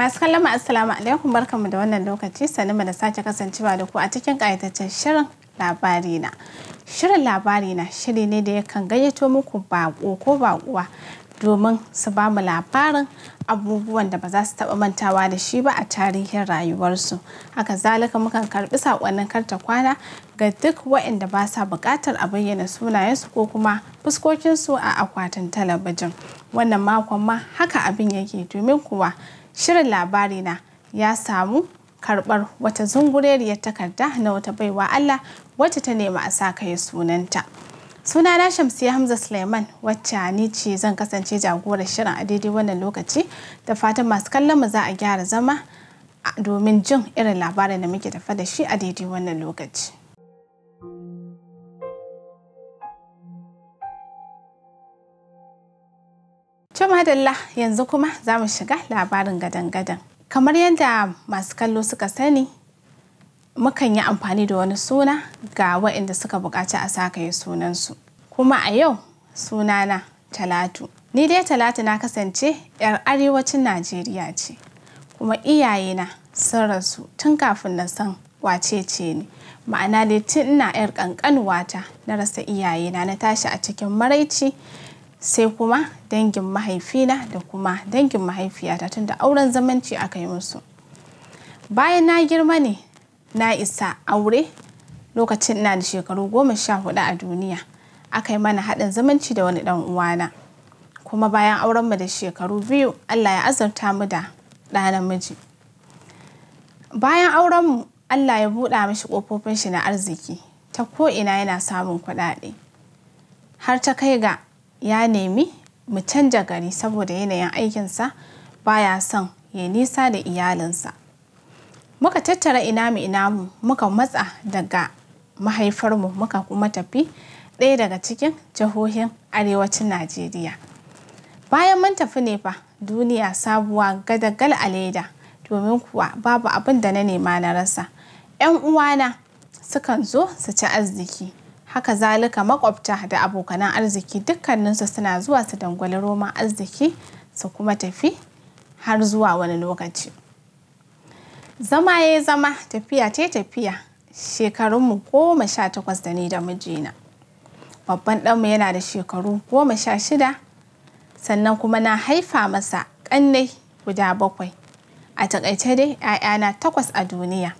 Masu kallon assalamu alaikum barkanmu da wannan lokaci sannu da sake kasancewa da ku a cikin ƙayataccen shirin labari na. Shirin labari na shiri ne da yakan gayyato muku baƙo ko baƙuwa domin su ba mu labarin abubuwan da ba za su taɓa mantawa da shi ba a tarihin rayuwarsu haka zalika mukan karɓi saƙonnin karta kwana ga duk waɗanda ba sa buƙatar a bayyana sunayensu ko kuma fuskokinsu a akwatin talabijin wannan makon ma haka abin yake domin kuwa Shirin labari na ya samu karbar wata zungureriyar takarda na wata baiwa Allah wacce ta nema a sa kai sunanta. suna Sunana Shamsiyya Hamza Suleiman wacce ni ce zan kasance jagorar shirin a daidai wannan lokaci da fatan masu kallon mu za a gyara zama domin jin irin labarin da muke tafa da shi a daidai wannan lokaci. To yanzu kuma za mu shiga labarin gadan-gadan. Kamar yadda masu kallo suka sani, mukan yi amfani da wani suna ga waɗanda suka buƙaci a saka yi sunansu. Kuma a yau sunana Talatu. Ni dai Talatu na kasance 'yar arewacin Najeriya ce, kuma iyayena sun rasu tun kafin na san wace ce ni. Ma'ana dai tun ina 'yar ƙanƙanuwata na rasa iyayena na tashi a cikin maraici. sai kuma dangin mahaifina da kuma dangin mahaifiyata tun da auren zamanci aka yi musu bayan na girma ne na isa aure lokacin na da shekaru goma sha hudu a duniya aka yi mana haɗin zamanci da wani ɗan uwana kuma bayan auren mu da shekaru biyu allah ya azurta mu da ɗa namiji bayan aurenmu allah ya buɗa mashi ƙofofin shi na arziki ta ko'ina yana samun kuɗaɗe har ta kai ga ya nemi mu canja gari saboda yanayin aikinsa baya son ya nisa da iyalinsa muka tattara ina mu ina mu muka matsa daga mahaifarmu muka kuma tafi ɗaya daga cikin jihohin arewacin najeriya bayan mun tafi ne fa duniya sabuwa gadagal a leda domin kuwa babu abin da na nema na rasa 'yan uwana sukan zo su ci arziki haka zalika makwabta da abokanan arziki dukkaninsu suna zuwa su dangwali roma arziki su kuma tafi har zuwa wani lokaci zama ya zama tafiya ta tafiya shekarunmu goma sha takwas da ni da mijina babban ɗanmu yana da shekaru goma sha shida sannan kuma na haifa masa ƙannai guda bakwai a takaice dai 'ya'yana takwas a duniya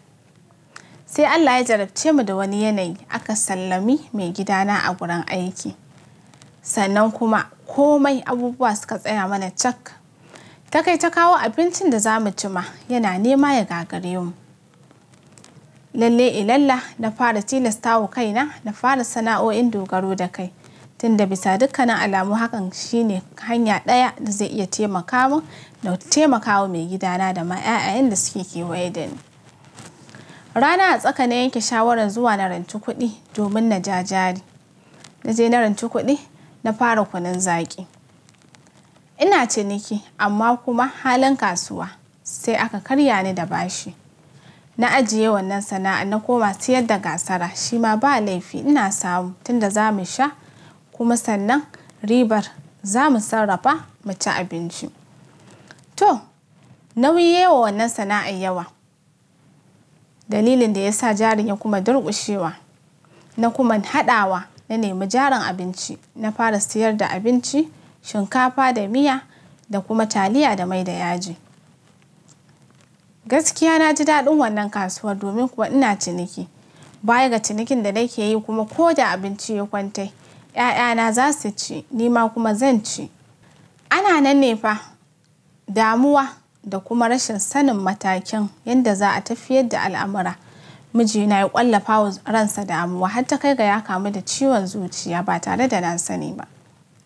sai Allah ya jarabce mu da wani yanayi aka sallami mai gidana a gurin aiki sannan kuma komai abubuwa suka tsaya mana cak ta kai ta kawo abincin da za mu cima yana nema ya gagare mu lalle ilalla na fara tilasta wa kaina na fara sana'o'in dogaro da kai tunda bisa dukkanin alamu hakan shine hanya ɗaya da zai iya taimaka mu da taimaka mai gidana da ma da suke kewaye da ni rana a tsaka na yanke shawarar zuwa na rancu kuɗi domin na ja jari na je na rancu kuɗi na fara kunun zaƙi ina ciniki amma kuma halin kasuwa sai aka karya ni da bashi na ajiye wannan sana'a na koma siyar da gasara shi ma ba laifi ina samu tunda za mu sha kuma sannan ribar za mu sarrafa mu ci abinci to nauyi yawa wannan sana'a yawa dalilin da ya sa jarin ya kuma durƙushewa na kuma haɗawa na nemi jarin abinci na fara siyar da abinci shinkafa da miya da kuma taliya da mai da yaji gaskiya na ji daɗin wannan kasuwar domin kuwa ina ciniki baya ga cinikin da nake yi kuma ko da abinci ya kwantai ‘ya'yana za su ci nima kuma zan ci ana nan ne fa damuwa da kuma rashin sanin matakin yadda za a tafiyar da al'amura mijina ya kwallafa wa ransa damuwa har ta kai ga ya kamu da ciwon zuciya ba tare da na sani ba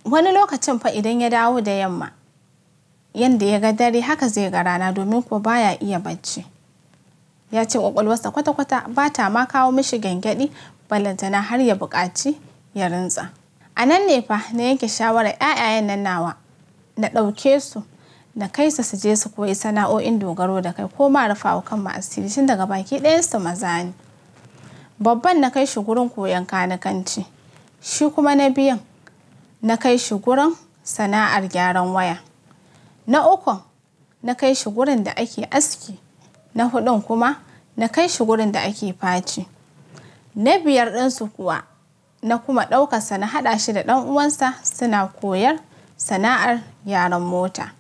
wani lokacin fa idan ya dawo da yamma yadda ya ga dare haka zai ga rana domin ko baya iya bacci ya ce kwakwalwarsa kwata-kwata ba ta ma kawo mishi gyangyaɗi ballantana har ya buƙaci ya rintsa a nan ne fa na yanke shawarar 'ya'yan nan nawa na ɗauke su Na kaisa su je su koyi sana'o'in dogaro da kai ko ma kan ma'asiri tun daga baki ɗayansu maza ne babban na kai shi gurin koyon kanikanci shi kuma na biyan na kai shi gurin sana'ar gyaran waya na ukun na kai shi gurin da ake aski na hudun kuma na kai shi gurin da ake faci na biyar ɗinsu kuwa na kuma ɗaukarsa na haɗa shi da ɗan uwansa suna koyar sana'ar gyaran mota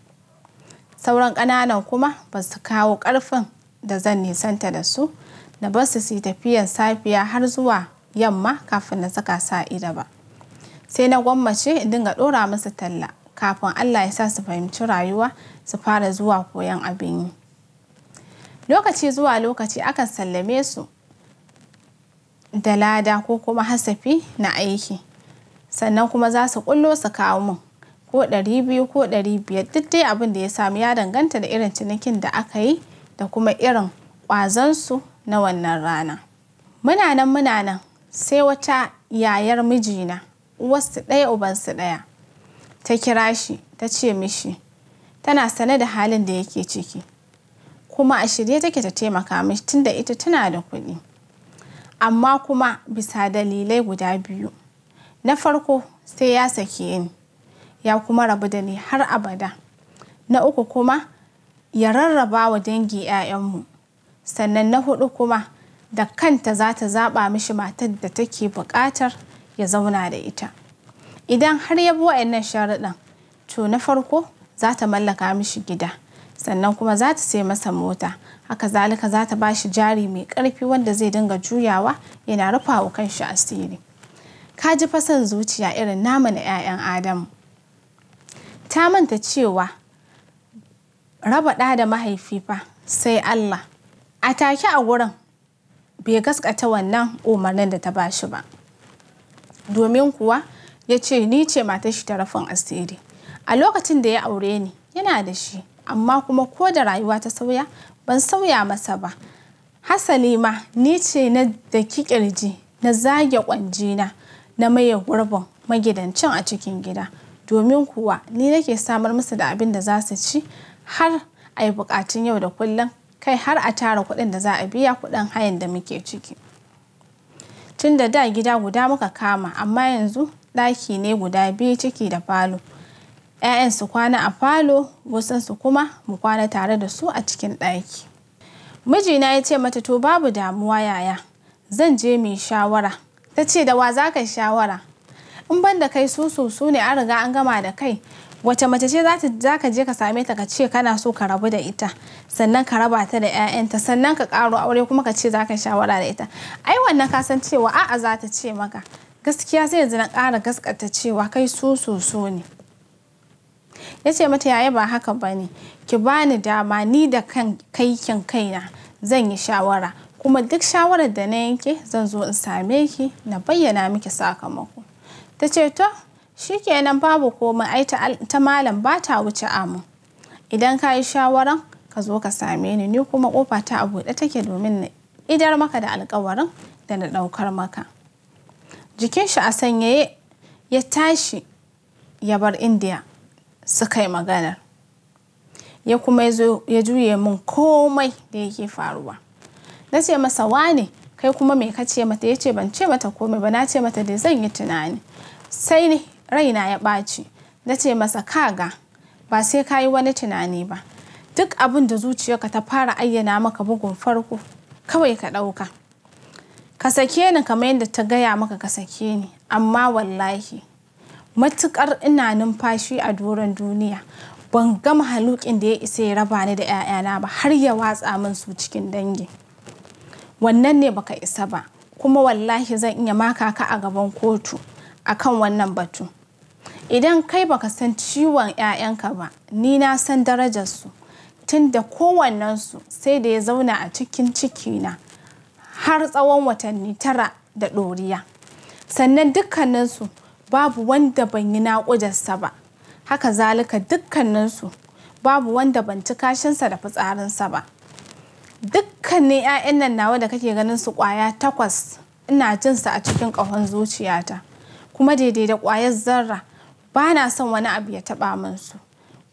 sauran ƙananan kuma ba su kawo ƙarfin da zan nisanta da su na ba su si tafiyan safiya har zuwa yamma kafin na saka sa ida ba sai na gwammace in dinga ɗora musu talla kafin allah ya sa su fahimci rayuwa su fara zuwa koyon abin yi lokaci zuwa lokaci akan sallame su da lada ko kuma hasafi na aiki sannan kuma za su kullo su kawo min ko ɗari ko ɗari biyar duk dai abin da ya samu ya danganta da irin cinikin da aka yi da kuma irin kwazansu na wannan rana. Muna nan muna nan sai wata yayar mijina uwarsu ɗaya ubansu ɗaya ta kira shi ta ce mishi tana sane da halin da yake ciki kuma a shirye take ta taimaka mishi tunda ita tana da kuɗi amma kuma bisa dalilai guda biyu na farko sai ya sake ni ya kuma rabu da ni har abada na uku kuma ya rarraba wa dangi 'ya'yanmu sannan na hudu kuma da kanta za ta zaɓa mishi matar da take buƙatar ya zauna da ita idan har ya bi wa'annan sharuɗan to na farko za ta mallaka mishi gida sannan kuma za ta sai masa mota haka zalika za ta bashi jari mai ƙarfi wanda zai dinga juyawa yana rufa wa kanshi asiri ka ji fasan zuciya irin namu na 'ya'yan adamu ta manta cewa raba ɗa da mahaifi fa sai Allah a take a wurin bai gaskata wannan umarnin da ta ba shi ba domin kuwa ya ce ni ce matar shi ta rafin asiri a lokacin da ya aure ni yana da shi amma kuma ko da rayuwa ta sauya ban sauya masa ba hasali ma ni ce na da kikirji na zage kwanjina na maye gurbin magidancin a cikin gida domin kuwa ni nake samar musu da abin da za su ci har a yi bukatun yau da kullum kai har a tara kuɗin da za a biya kuɗin hayan da muke ciki tun da gida guda muka kama amma yanzu ɗaki ne guda biyu ciki da falo 'ya'yan su kwana a falo wasan su kuma mu kwana tare da su a cikin ɗaki mijina ya ce mata to babu damuwa yaya zan je mai shawara ta ce da wa za ka shawara in ban da kai susu su ne an riga an gama da kai wace mace ce za ka je ka same ta ka ce kana so ka rabu da ita sannan ka raba ta da 'ya'yanta sannan ka karo aure kuma ka ce za ka shawara da ita ai wannan ka san cewa a'a za ta ce maka gaskiya sai yanzu na ƙara gaskata cewa kai susu su ne ya ce mata yaya ba haka ba ne ki bani dama ni da kan kaikin kaina zan yi shawara kuma duk shawarar da na yanke zan zo in same ki na bayyana miki sakamako ta ce to nan babu komai ai ta malam ba ta wuce amu idan ka yi shawaran ka zo ka same ni ni kuma kofa ta a buɗe take domin na idar maka da alkawarin da na ɗaukar maka jikin shi a sanyaye ya tashi ya bar indiya su kai maganar ya kuma ya juye min komai da yake faruwa na ce masa wane kai kuma me kace mata ya ce ban ce mata komai ba na ce mata da zan yi tunani sai ne raina ya ɓaci na ce masa kaga ba sai ka yi wani tunani ba duk abin da zuciyarka ta fara ayyana maka bugun farko kawai ka ɗauka ka sake ni kamar yadda ta gaya maka ka sake ni amma wallahi matuƙar ina numfashi a doron duniya ban gama haluƙin da ya isa ya raba ni da 'ya'yana ba har ya watsa min su cikin dangi wannan ne baka isa ba kuma wallahi zan iya maka ka a gaban kotu akan wannan batu idan kai baka san ciwon 'ya'yanka ba ni na san darajarsu tun da kowannensu sai da ya zauna a cikin ciki na har tsawon watanni tara da ɗoriya sannan dukkaninsu babu wanda ban yi naƙudarsa ba haka zalika dukkaninsu babu wanda ban ci kashinsa da fitsarinsa ba dukkanin 'ya'yan nan nawa da kake ganin su ƙwaya takwas ina jinsa a cikin ƙahon zuciyata kuma daidai da ƙwayar zarra ba na son wani abu ya taɓa min su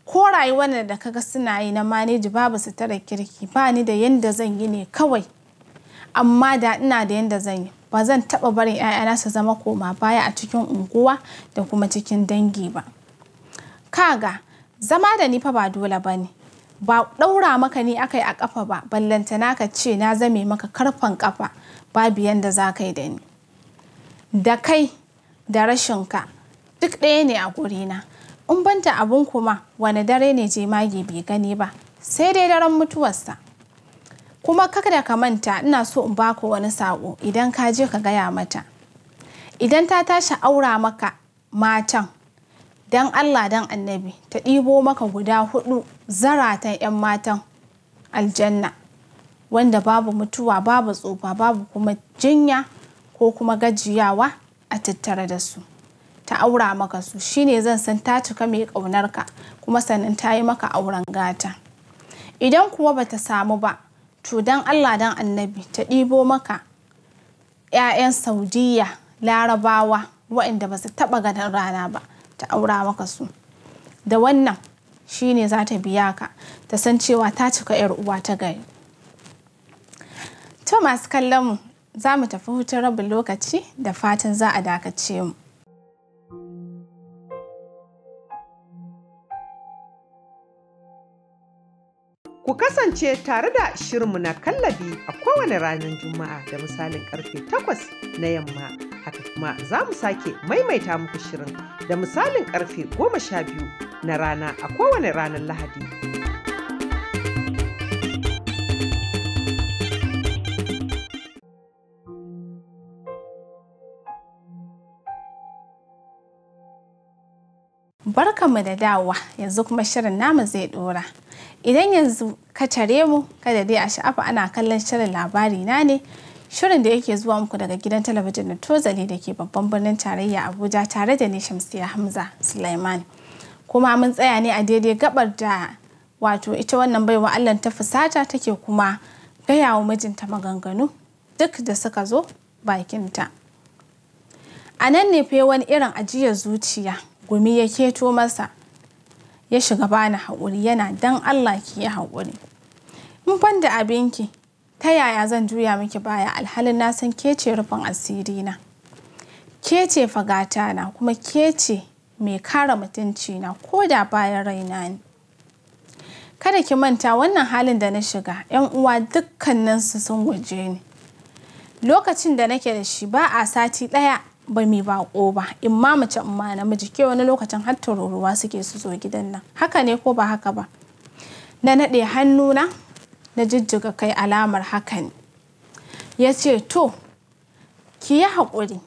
ko rayuwar da kaga suna yi na maneji babu su tara kirki ba ni da yanda zan yi ne kawai amma da ina da yanda zan yi ba zan taɓa barin 'ya'yana su zama koma baya a cikin unguwa da kuma cikin dangi ba kaga zama da ni fa ba dole ba ne ba ɗaura maka ni yi a ƙafa ba na ka ce na zame maka karfan ƙafa babu yanda za ka yi da ni da kai da rashinka duk ɗaya ne a gurina in banta abun kuma wani dare ne jemage bai gani ba sai dai daren mutuwarsa kuma da ka manta ina so in baka wani saƙo idan ka je ka gaya mata idan ta tashi aura maka matan dan Allah dan annabi ta ɗibo maka guda hudu zaratan 'yan matan aljanna wanda babu mutuwa babu tsufa babu kuma jinya ko kuma gajiyawa a tattare da su ta aura maka su shine zan san ta cika mai ka kuma sannan ta yi maka auren gata idan kuwa ba ta samu ba to don Allah dan annabi ta ɗibo maka 'ya'yan saudiya larabawa waɗanda ba su taɓa ganin rana ba ta aura maka su da wannan shine za ta biya ka ta san cewa ta cika 'yar uwa ta gari to masu kallon mu za mu tafi hutun rabin lokaci da fatan za a dakace mu. Ku kasance tare da shirinmu na kallabi a kowane ranar Juma'a da misalin karfe takwas na yamma. Haka kuma za mu sake maimaita muku shirin da misalin karfe biyu na rana a kowane ranar Lahadi. Barkanmu da dawowa yanzu kuma shirin namu zai dora. Idan yanzu ka tare mu kada dai a sha'afa ana kallon shirin labari na ne shirin da yake zuwa muku daga gidan talabijin na Tozali da ke babban birnin tarayya Abuja tare da ne Shamsiya Hamza Sulaiman. Kuma mun tsaya ne a daidai gabar da wato ita wannan baiwa Allah ta fusata take kuma gaya wa mijinta maganganu duk da suka zo bakinta. A nan ne fe wani irin ajiyar zuciya. gumi ya keto masa ya shiga bani haƙuri yana dan Allah ki yi haƙuri in ban da abinki ta yaya zan juya miki baya alhalin na san ke rufin asiri na ke fagata na kuma kece mai kara mutunci na ko da bayan raina ne kada ki manta wannan halin da na shiga yan uwa dukkaninsu sun guje ni lokacin da nake da shi ba a sati ɗaya ba mai ko ba in ma mace in ma namiji ke wani lokacin har tururuwa suke su zo gidan nan haka ne ko ba haka ba na naɗe hannuna na jijjiga kai alamar haka ne ya ce to ki yi haƙuri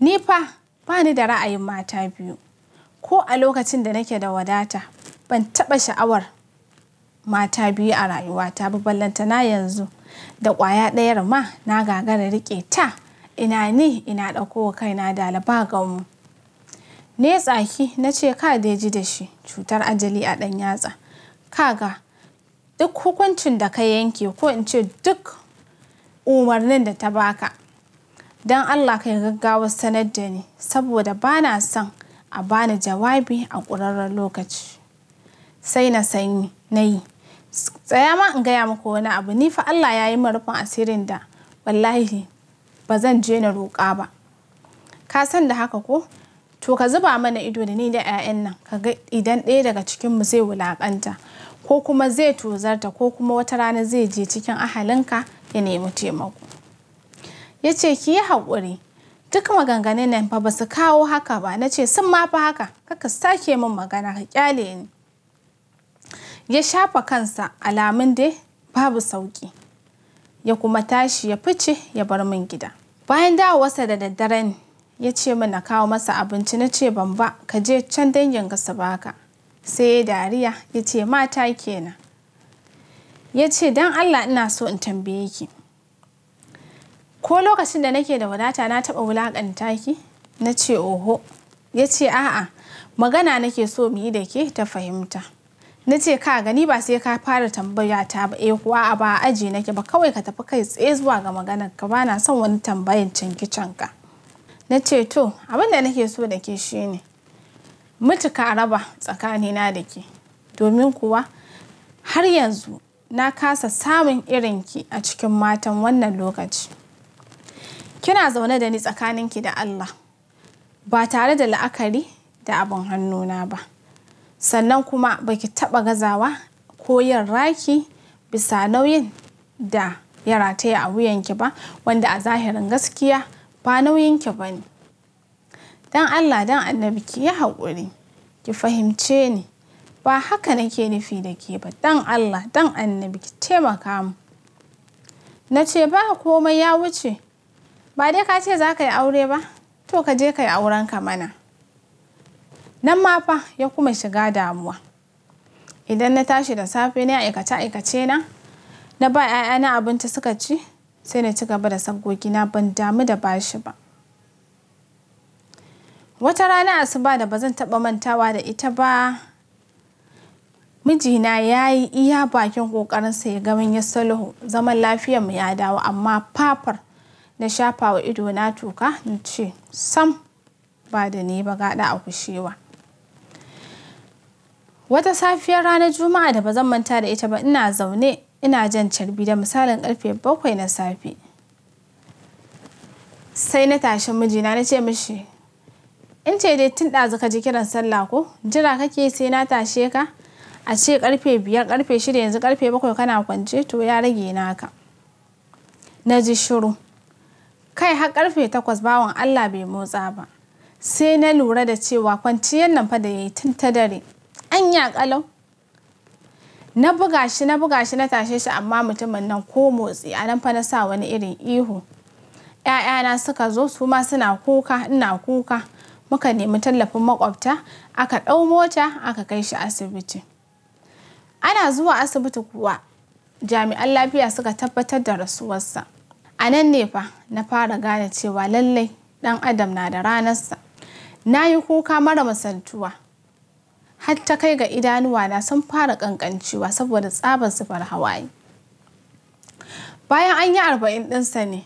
ni fa ba ni da ra'ayin mata biyu ko a lokacin da nake da wadata ban taɓa sha'awar mata biyu a rayuwata ba ballantana yanzu da ƙwaya ɗayar ma na gagara riƙe ta ina ni ina ɗauko kaina dalaba gamu ne tsaki na ce ka ji da shi cutar ajali a ɗan yatsa kaga duk hukuncin da ka yanke ko in ce duk umarnin da ta baka don allah yi gaggawa sanar da ni saboda ba na son a bani jawabi a ƙurarren lokaci sai na sanyi na yi tsaya ma in gaya muku wani abu ni fa allah ya yi marufin asirin da wallahi ba zan je na roƙa ba ka san da haka ko to ka zuba mana ido da ni da 'ya'yan nan kaga idan ɗaya daga mu zai wulaƙanta ko kuma zai tozarta ko kuma wata rana zai je cikin ahalinka ya nemi taimako ya ce ki yi haƙuri duk maganganun nan ba su kawo haka ba na ce sun ma fi haka kaka sake min magana ka kyale ni ya shafa kansa alamun dai babu sauƙi ya kuma tashi ya fice ya bar min gida bayan dawowarsa da daddaren ya ce min na kawo masa abinci na ce ban ba ka je can dangin ka baka sai ya dariya ya ce mata kenan ya ce don allah ina so in tambaye ki ko lokacin da nake da wadata na taɓa wulaƙanta ki na ce oho ya ce a'a magana nake so mu yi da ke ta fahimta na ce ka gani ba sai ka fara tambaya ta ba eh kuwa a ba aji nake ba kawai ka tafi kai tsaye zuwa ga maganar ka ba na son wani tambayan canki canka na ce to abin da nake so da ke shi ne mutuka raba tsakanina da ke domin kuwa har yanzu na kasa samun irin ki a cikin matan wannan lokaci kina zaune da ni tsakaninki da Allah ba tare da la'akari da abin hannuna ba sannan kuma baki taɓa gazawa ko yin raki bisa nauyin da ya rataya a wuyanki ba wanda a zahirin gaskiya ba nauyinki ba ne don allah don annabi ki yi haƙuri ki fahimce ni ba haka nake nufi da ke ba don allah don annabi ki taimaka mu na ce ba komai ya wuce ba dai ka ce za ka yi aure ba to ka je ka yi aurenka mana nan ma fa ya kuma shiga damuwa idan na tashi da safe na aikace aikace na na ba 'ya'yana abinci suka ci sai na ci gaba da na ban damu da bashi ba wata rana asuba da ba zan taɓa mantawa da ita ba mijina ya yi iya bakin kokarinsa ya gamin ya zaman zaman mu ya dawo amma fafar na shafa wa ido na tuka na ce sam ba da ni ba gaɗa a kushewa Wata safiyar ranar Juma'a da ba zan manta da ita ba ina zaune ina jan carbi da misalin karfe bakwai na safe. Sai na tashi mijina na ce mishi, in ce dai tun ɗazu ka ji kiran sallah ko jira kake sai na tashe ka a ce karfe biyar karfe shida yanzu karfe bakwai kana kwance to ya rage naka. Na ji shiru. Kai har karfe takwas bawan Allah bai motsa ba. Sai na lura da cewa kwanciyar nan fa da ya yi tun ta dare. anya kalau na buga shi na buga shi na tashe shi amma mutumin nan ko motsi a nan fa na sa wani irin ihu ‘ya'yana suka zo su ma suna kuka ina kuka muka nemi tallafin makwabta aka ɗau mota aka kai shi asibiti ana zuwa asibiti kuwa jami'an lafiya suka tabbatar da rasuwarsa a nan ne fa na fara gane cewa lallai ɗan adam na da ranarsa na yi kuka mara masantuwa har ta kai ga idanuwa na sun fara kankancewa saboda tsabar zubar hawaye bayan an yi arba'in ɗinsa ne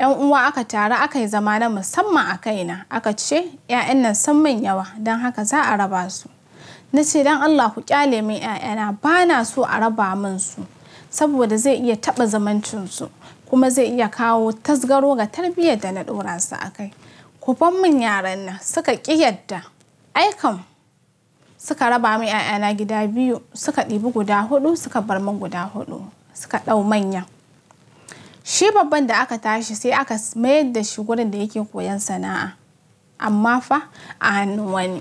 yan uwa aka tare aka yi zama na musamman a kaina aka ce 'ya'yan nan sun min yawa don haka za a raba su na ce don allah ku kyale min 'ya'yana ba na so a raba min su saboda zai iya taɓa zamancinsu kuma zai iya kawo tasgaro ga tarbiyyar da na ɗora su a kai ku min yaran nan suka ƙi yadda aikan suka raba mai 'ya'yana gida biyu suka ɗibi guda hudu suka bar min guda hudu suka ɗau manya. shi babban da aka tashi sai aka mayar da shi gurin da yake koyan sana'a amma fa a hannun wani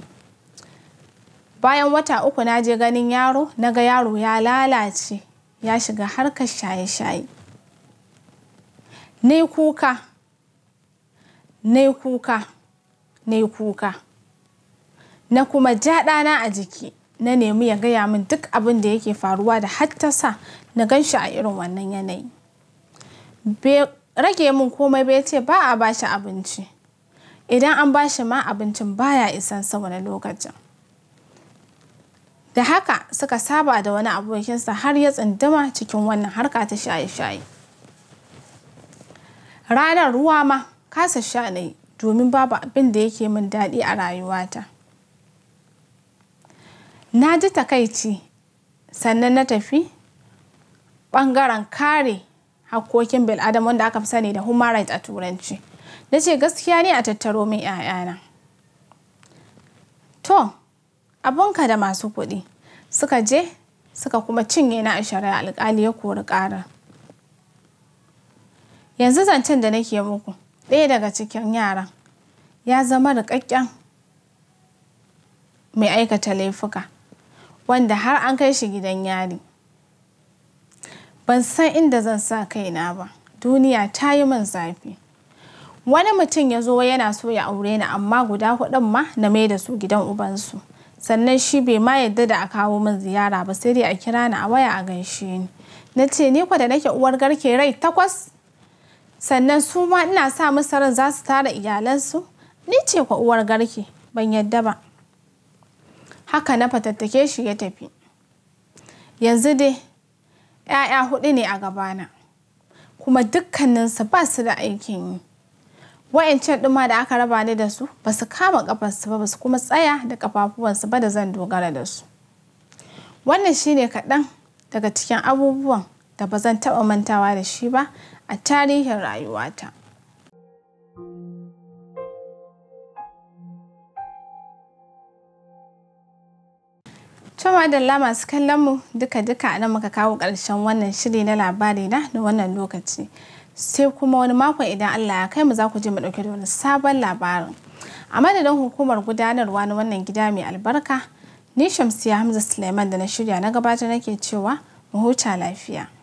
bayan wata uku na je ganin yaro na ga yaro ya lalace ya shiga harkar shaye-shaye na kuka na kuka na kuka na kuma ja ɗana a jiki na nemi ya gaya min duk abin da yake faruwa da hattasa na gan shi a irin wannan yanayi rage min komai bai ce ba a bashi abinci idan an bashi ma abincin baya isan sa wani lokacin da haka suka saba da wani abokinsa har ya tsinduma cikin wannan harka ta shaye-shaye ranar ruwa ma kasa sha ne domin babu abin da yake min daɗi a rayuwata na ji takaici sannan na tafi ɓangaren kare hakkokin bil'adam wanda aka fi sani da human rights a turanci na ce gaskiya ne a tattaro min 'ya'yana to abunka da masu kuɗi suka je suka kuma cinye na a shari'a alƙali ya kori ƙarar yanzu zancen da nake muku ɗaya daga cikin yaran ya zama rikakken mai aikata laifuka wanda har an kai shi gidan yari. Ban san inda zan sa kaina ba, duniya ta yi min zafi. Wani mutum ya zo yana so ya aure ni amma guda huɗun ma na mai da su gidan ubansu. Sannan shi bai ma yadda da a kawo min ziyara ba sai dai a kira ni a waya a gaishe ni. Na ce ni kwa da nake uwar garke rai takwas sannan su ma ina sa musu ran za su tara iyalansu ni ce kwa uwar garke ban yadda ba. haka na fatattake shi ya tafi yanzu dai ‘ya'ya huɗu ne a gabana kuma dukkaninsu ba su da aikin yi wa'yancan ɗuma da aka raba ni da su ba su kama ƙafarsu ba ba su kuma tsaya da ƙafafuwansu ba da zan dogara da su wannan shi ne kaɗan daga cikin abubuwan da ba zan taɓa mantawa da shi ba a tarihin rayuwata. Cewa da masu su mu duka-duka nan muka kawo ƙarshen wannan shiri na labari na da wannan lokaci. Sai kuma wani makon idan Allah ya kai mu za ku je mu ɗauke da wani sabon labarin. A madadin hukumar gudanarwa na wannan gida mai albarka, ni Shamsiya Hamza Suleiman da na shirya na gabata nake cewa mu huta lafiya.